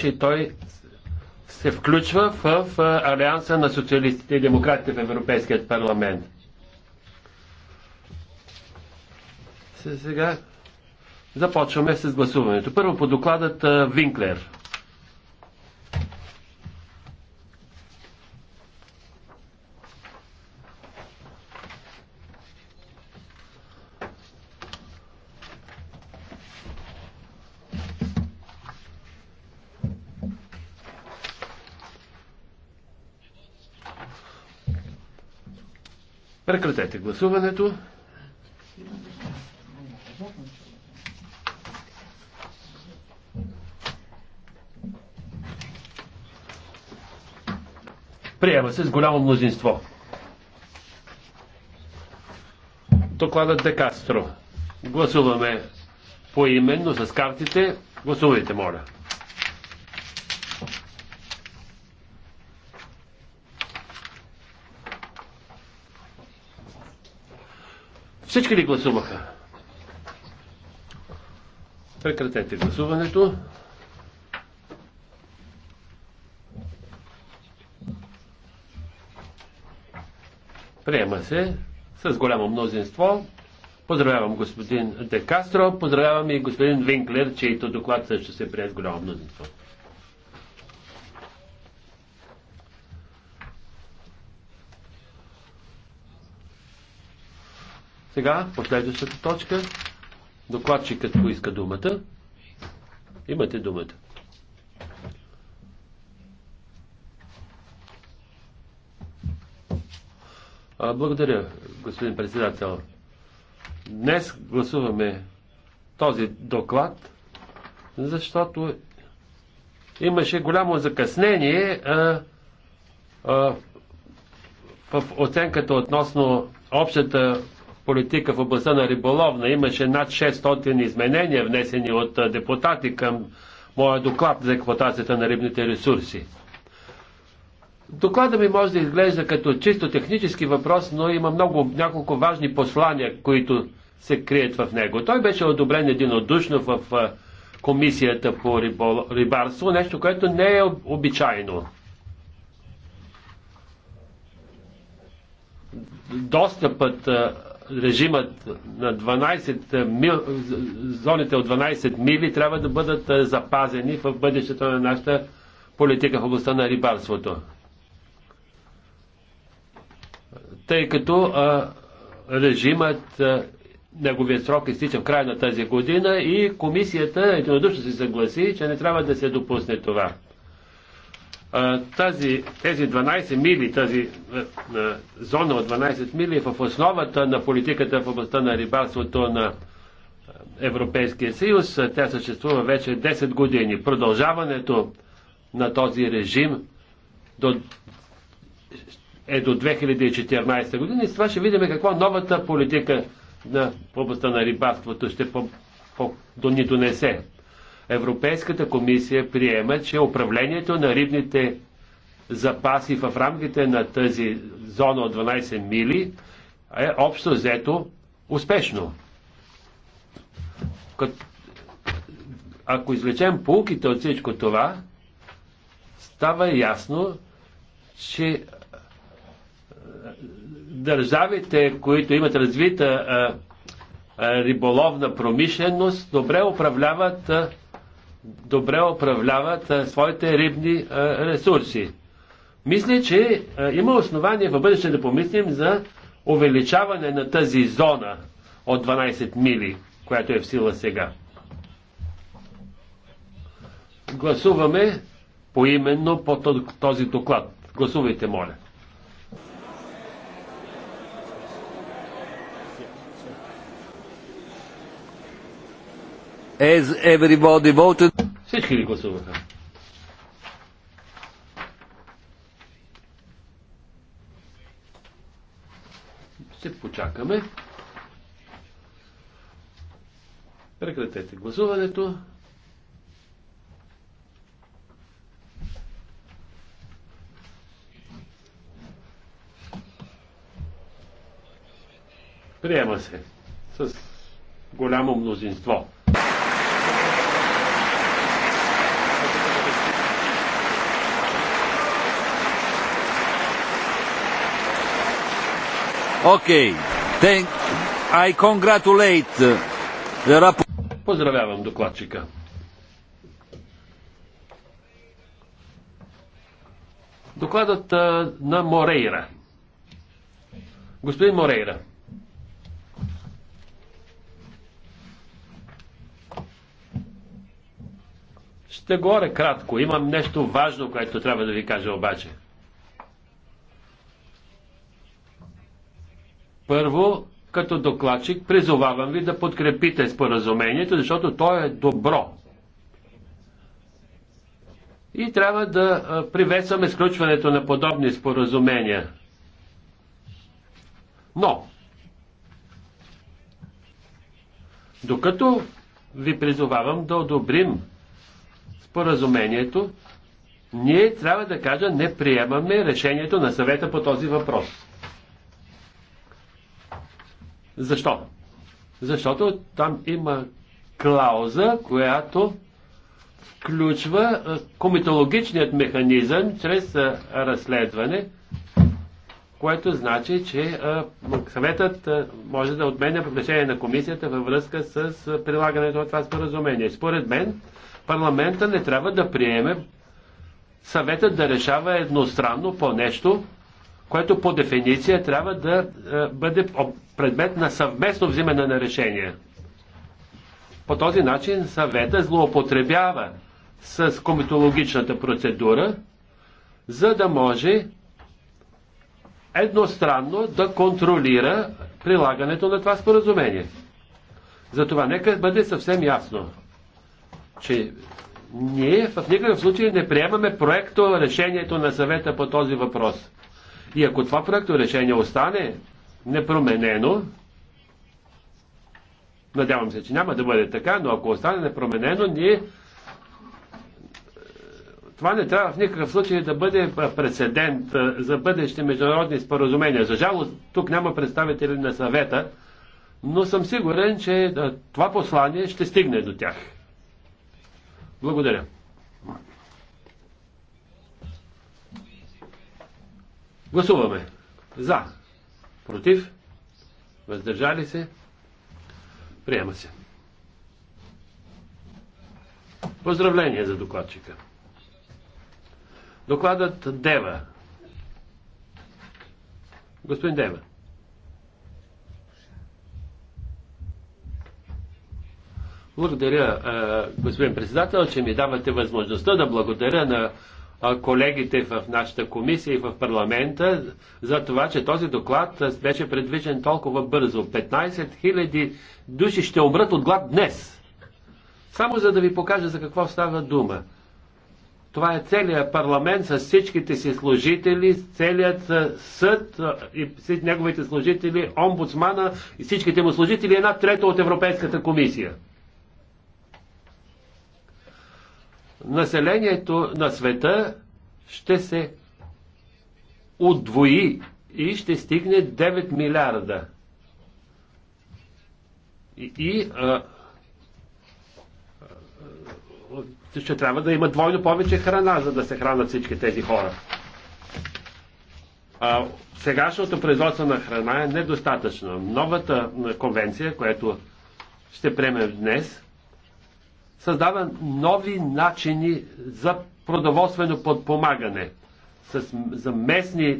че той се включва в Алианса на социалистите и демократите в Европейският парламент. Сега започваме с гласуването. Първо по докладът Винклер. Прекратете гласуването. Приема се с голямо мнозинство. Докладът Де Кастро. Гласуваме поименно с картите. Гласувайте, моля. Всички ли гласуваха? Прекратете гласуването. Приема се с голямо мнозинство. Поздравявам господин Декастро, поздравявам и господин Винклер, чието доклад също се прие с голямо мнозинство. Сега, последващата точка. Докладчикът поиска думата. Имате думата. Благодаря, господин председател. Днес гласуваме този доклад, защото имаше голямо закъснение а, а, в оценката относно общата политика в областта на риболовна. Имаше над 600 изменения, внесени от депутати към моя доклад за експлуатацията на рибните ресурси. Доклада ми може да изглежда като чисто технически въпрос, но има много, няколко важни послания, които се крият в него. Той беше одобрен единодушно в комисията по рибол... рибарство, нещо, което не е обичайно. Достъпът режимът на 12 мил, зоните от 12 мили трябва да бъдат запазени в бъдещето на нашата политика в областта на рибарството. Тъй като а, режимът, а, неговия срок изтича в края на тази година и комисията единодушно се съгласи, че не трябва да се допусне това тази, тези 12 мили, тази а, зона от 12 мили е в основата на политиката в областта на рибарството на Европейския съюз. Тя съществува вече 10 години. Продължаването на този режим до, е до 2014 година и с това ще видим каква новата политика на областта на рибарството ще по, по, до ни донесе. Европейската комисия приема, че управлението на рибните запаси в рамките на тази зона от 12 мили е общо взето успешно. Ако извлечем полуките от всичко това, става ясно, че държавите, които имат развита е, риболовна промишленост добре управляват, е, добре управляват е, своите рибни ресурси. Мисля, че има основание в бъдеще да помислим за увеличаване на тази зона от 12 мили, която е в сила сега. Гласуваме поименно по този доклад. Гласувайте, моля. Всички ли гласуваха? Ще почакаме. Прекратете гласуването. Приема се с голямо мнозинство. Okay. Thank... I congratulate the Поздравявам докладчика. Докладът на Морейра. Господин Морейра. Ще горе кратко. Имам нещо важно, което трябва да ви кажа обаче. Първо, като докладчик, призовавам ви да подкрепите споразумението, защото то е добро. И трябва да приветстваме сключването на подобни споразумения. Но, докато ви призовавам да одобрим споразумението, ние трябва да кажа, не приемаме решението на съвета по този въпрос. Защо? Защото там има клауза, която включва е, комитологичният механизъм чрез е, разследване, което значи, че е, съветът може да отменя предложение на комисията във връзка с прилагането на това споразумение. Според мен, парламента не трябва да приеме съветът да решава едностранно по нещо, което по дефиниция трябва да е, бъде предмет на съвместно взимане на решение. По този начин съвета злоупотребява с комитологичната процедура, за да може едностранно да контролира прилагането на това споразумение. Затова нека бъде съвсем ясно, че ние в никакъв случай не приемаме проекто решението на съвета по този въпрос. И ако това проекто решение остане непроменено, надявам се, че няма да бъде така, но ако остане непроменено, ние е, това не трябва в никакъв случай да бъде прецедент е, за бъдещи международни споразумения. За жалост, тук няма представители на съвета, но съм сигурен, че е, това послание ще стигне до тях. Благодаря. Гласуваме. За. Против. Въздържали се. Приема се. Поздравление за докладчика. Докладът Дева. Господин Дева. Благодаря, господин председател, че ми давате възможността да благодаря на колегите в нашата комисия и в парламента за това, че този доклад беше предвижен толкова бързо. 15 000 души ще умрат от глад днес. Само за да ви покажа за какво става дума. Това е целият парламент с всичките си служители, целият съд и неговите служители, омбудсмана и всичките му служители, една трета от Европейската комисия. населението на света ще се отвои и ще стигне 9 милиарда. И, и а, ще трябва да има двойно повече храна, за да се хранат всички тези хора. А, сегашното производство на храна е недостатъчно. Новата конвенция, която ще приемем днес, създава нови начини за продоволствено подпомагане с, за местни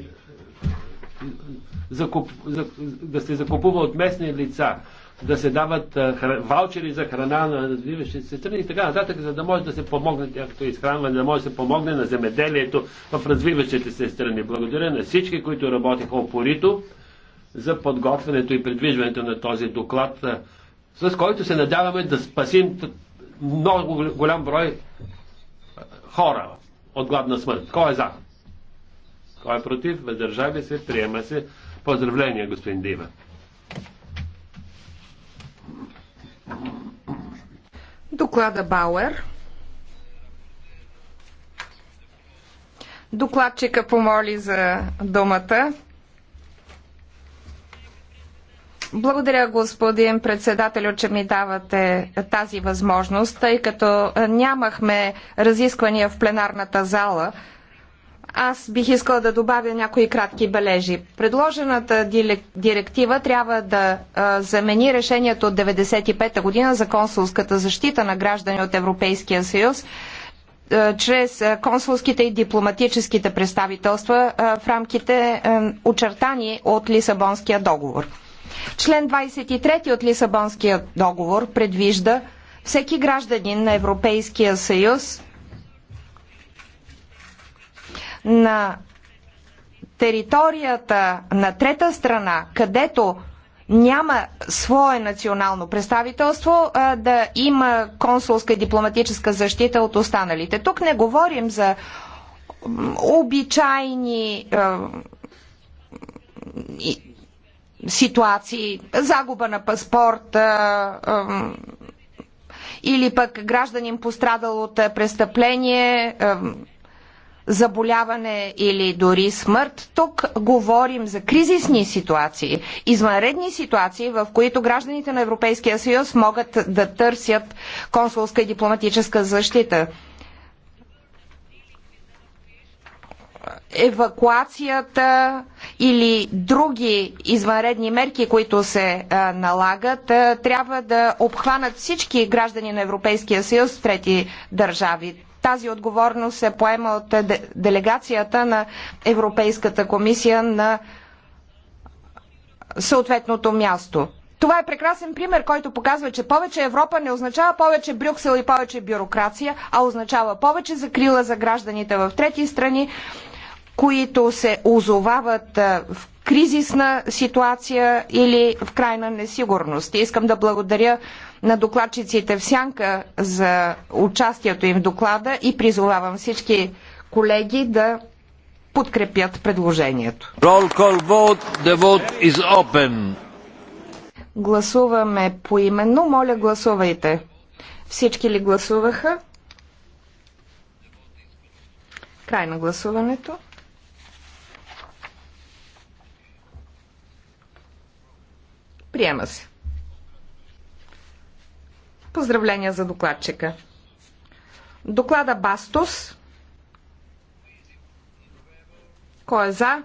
закуп, за, да се закупува от местни лица, да се дават а, хра, ваучери за храна на развиващите се страни и така нататък, за да може да се помогне тяхното изхранване, да може да се помогне на земеделието в развиващите се страни. Благодаря на всички, които работиха опорито за подготвянето и придвижването на този доклад, с който се надяваме да спасим много голям брой хора от гладна смърт. Кой е за? Кой е против? Въздържали се, приема се. Поздравление, господин Дива. Доклада Бауер. Докладчика помоли за думата. Благодаря, господин председател, че ми давате тази възможност, тъй като нямахме разисквания в пленарната зала. Аз бих искала да добавя някои кратки бележи. Предложената директива трябва да замени решението от 95-та година за консулската защита на граждани от Европейския съюз чрез консулските и дипломатическите представителства в рамките очертани от Лисабонския договор. Член 23 от Лисабонския договор предвижда всеки гражданин на Европейския съюз на територията на трета страна, където няма свое национално представителство, а, да има консулска и дипломатическа защита от останалите. Тук не говорим за обичайни а, ситуации, загуба на паспорт или пък гражданин пострадал от престъпление, заболяване или дори смърт. Тук говорим за кризисни ситуации, извънредни ситуации, в които гражданите на Европейския съюз могат да търсят консулска и дипломатическа защита. евакуацията или други извънредни мерки, които се налагат, трябва да обхванат всички граждани на Европейския съюз в трети държави. Тази отговорност се поема от делегацията на Европейската комисия на съответното място. Това е прекрасен пример, който показва, че повече Европа не означава повече Брюксел и повече бюрокрация, а означава повече закрила за гражданите в трети страни, които се озовават в кризисна ситуация или в крайна несигурност. Искам да благодаря на докладчиците в Сянка за участието им в доклада и призовавам всички колеги да подкрепят предложението. Гласуваме поименно. Моля, гласувайте. Всички ли гласуваха? Край на гласуването. Приема се. Поздравления за докладчика. Доклада Бастос. Кой е за?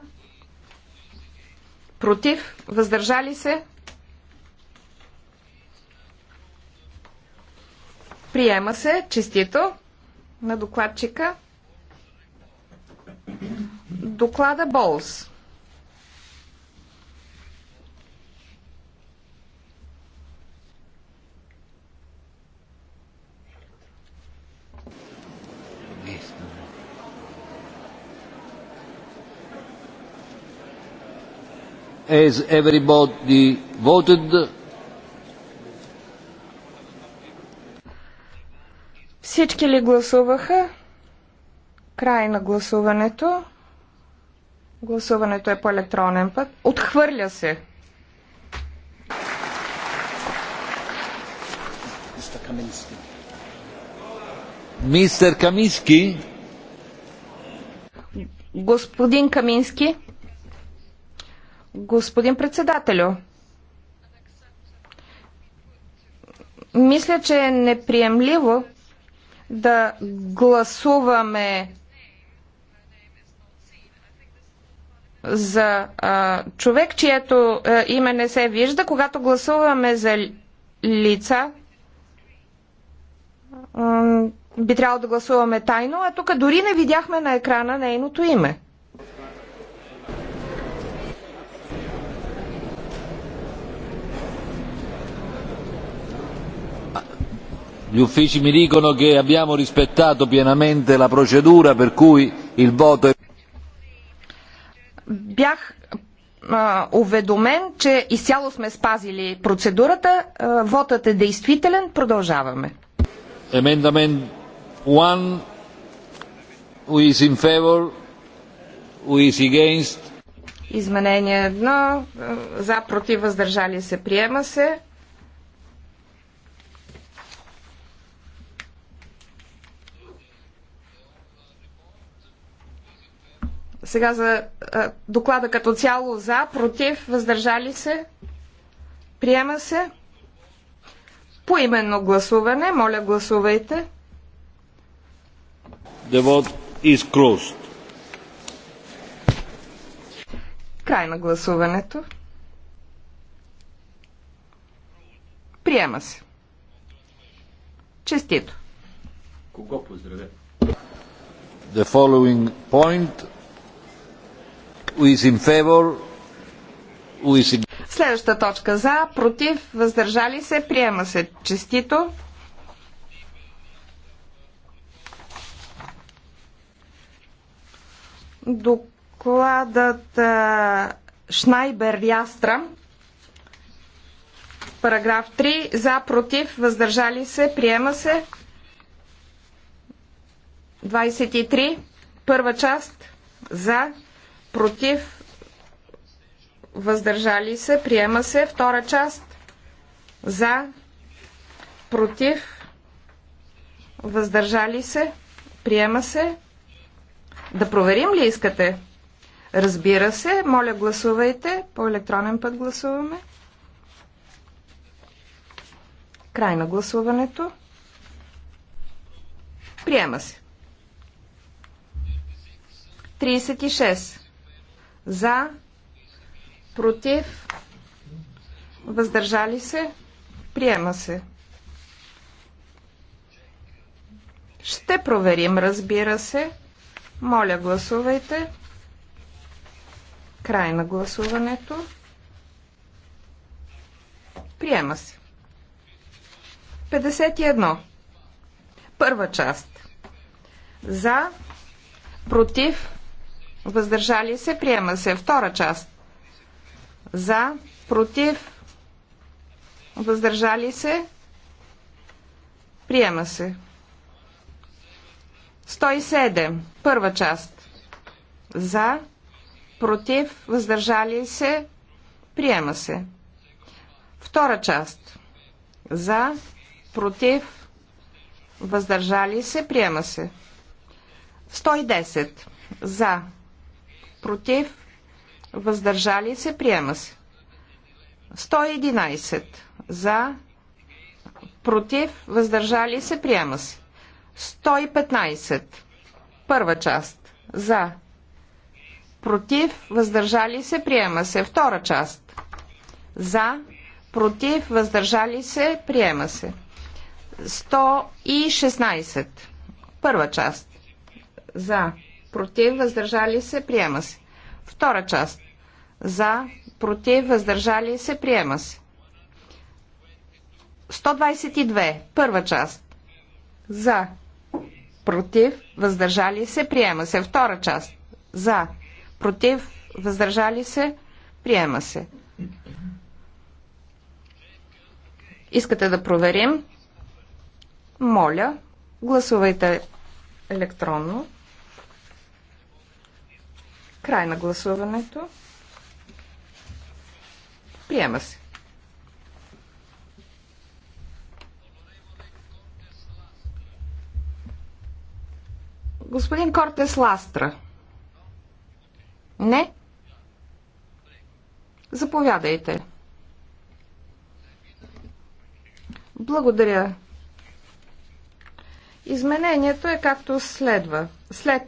Против? Въздържали се? Приема се. Честито на докладчика. Доклада Болс. Has everybody voted? Всички ли гласуваха? Край на гласуването. Гласуването е по електронен път. Отхвърля се. Мистер Камински. Господин Камински. Господин председателю, мисля, че е неприемливо да гласуваме за а, човек, чието а, име не се вижда, когато гласуваме за лица, а, би трябвало да гласуваме тайно, а тук дори не видяхме на екрана нейното име. gli uffici mi dicono che abbiamo rispettato pienamente la procedura per cui il voto è Бях а, уведомен, че изцяло сме спазили процедурата. А, вотът е действителен. Продължаваме. Емендамент 1. Who is in favor? Who is against? Изменение 1. За против въздържали се. Приема се. Сега за а, доклада като цяло за, против, въздържали се. Приема се. Поименно гласуване. Моля, гласувайте. The vote is closed. Край на гласуването. Приема се. Честито. Кого поздравя? The following point Следваща точка за, против, въздържали се, приема се. Честито. Докладът Шнайбер Ястра. Параграф 3. За, против, въздържали се, приема се. 23. Първа част. За, против, въздържали се, приема се. Втора част за, против, въздържали се, приема се. Да проверим ли искате? Разбира се, моля гласувайте. По електронен път гласуваме. Край на гласуването. Приема се. 36. За. Против. Въздържали се. Приема се. Ще проверим, разбира се. Моля, гласувайте. Край на гласуването. Приема се. 51. Първа част. За, против, въздържали се, приема се. Втора част за, против, въздържали се, приема се. 107. Първа част. За, против, въздържали се, приема се. Втора част. За, против, въздържали се, приема се. 110. За, против, въздържали се, приема се. 111 за, против, въздържали се, приема се. 115 първа част за, против, въздържали се, приема се. Втора част за, против, въздържали се, приема се. 116 първа част за, против, въздържали се, приема се. Втора част. За, против, въздържали се, приема се. 122. Първа част. За, против, въздържали се, приема се. Втора част. За, против, въздържали се, приема се. Искате да проверим? Моля, гласувайте електронно. Край на гласуването. Приема се. Господин Кортес Ластра. Не? Заповядайте. Благодаря. Изменението е както следва. След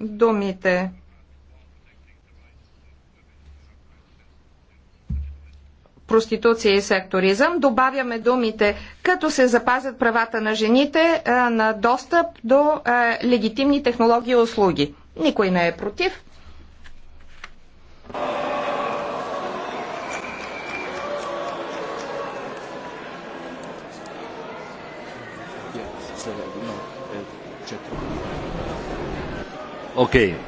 думите проституция и секторизъм. Добавяме думите, като се запазят правата на жените на достъп до легитимни технологии и услуги. Никой не е против. Окей. Okay.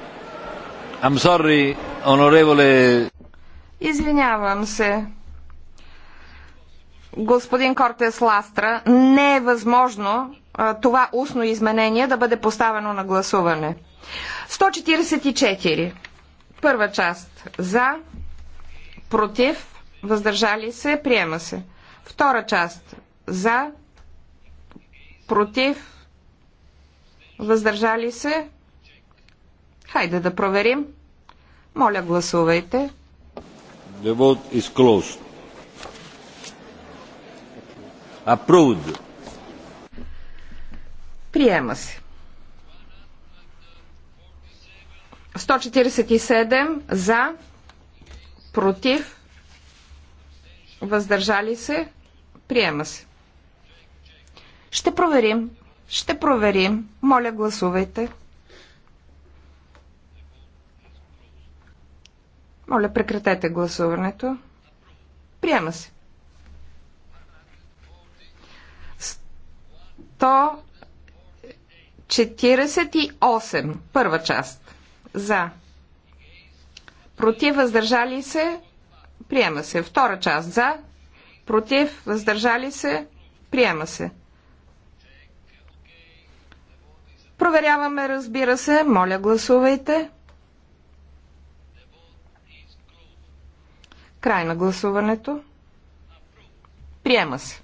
I'm sorry, honorable... Извинявам се, господин Кортес Ластра, не е възможно а, това устно изменение да бъде поставено на гласуване. 144. Първа част. За, против, въздържали се, приема се. Втора част. За, против, въздържали се. Хайде да проверим. Моля, гласувайте. The vote is closed. Approved. Приема се. 147 за, против, въздържали се, приема се. Ще проверим. Ще проверим. Моля, гласувайте. Моля, прекратете гласуването. Приема се. 148. Първа част. За. Против, въздържали се. Приема се. Втора част. За. Против, въздържали се. Приема се. Проверяваме, разбира се. Моля, гласувайте. Край на гласуването. Приема се.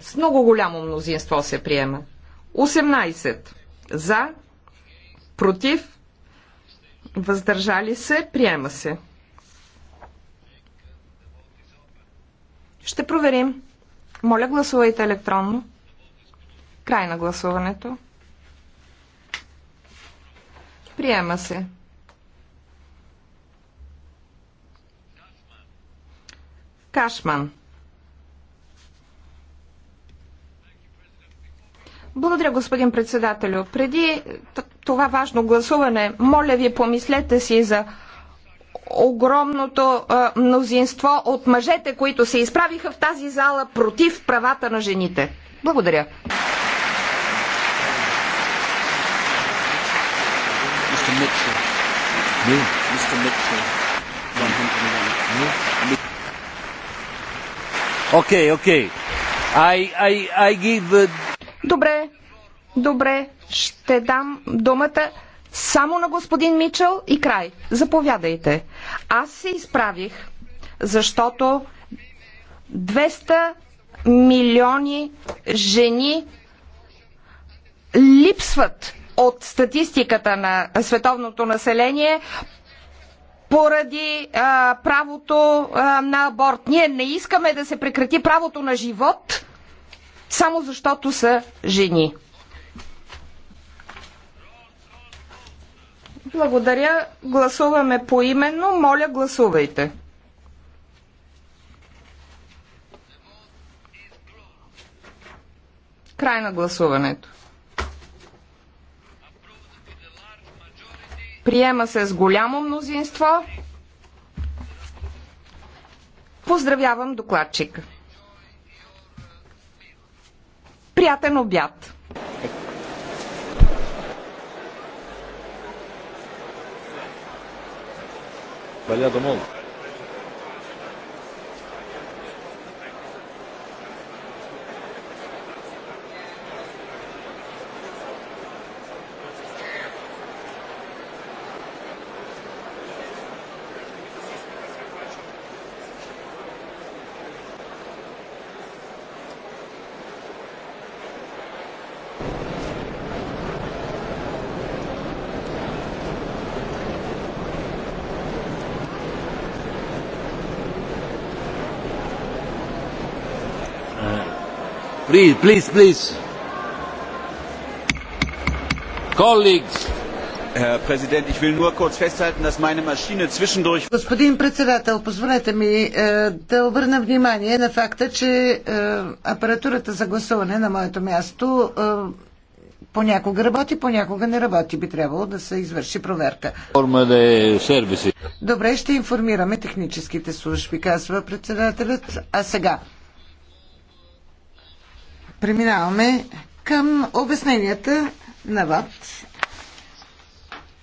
С много голямо мнозинство се приема. 18 за, против, въздържали се, приема се. Ще проверим. Моля, гласувайте електронно. Край на гласуването. Приема се. Кашман. Благодаря, господин председателю. Преди това важно гласуване, моля ви, помислете си за огромното а, мнозинство от мъжете, които се изправиха в тази зала против правата на жените. Благодаря. Okay, okay. I, I, I give... Uh, Добре, Добре, ще дам думата само на господин Мичел и край. Заповядайте. Аз се изправих, защото 200 милиони жени липсват от статистиката на световното население поради а, правото а, на аборт. Ние не искаме да се прекрати правото на живот, само защото са жени. Благодаря. Гласуваме поименно. Моля, гласувайте. Край на гласуването. Приема се с голямо мнозинство. Поздравявам докладчика. Приятен обяд! trabalhado muito. Please, please, please. Colleagues. Herr Präsident, ich will nur kurz festhalten, dass meine Maschine zwischendurch... Господин председател, позволете ми е, да обърна внимание на факта, че е, апаратурата за гласуване на моето място е, понякога работи, понякога не работи. Би трябвало да се извърши проверка. Добре, ще информираме техническите служби, казва председателят. А сега... Преминаваме към обясненията на ВАД.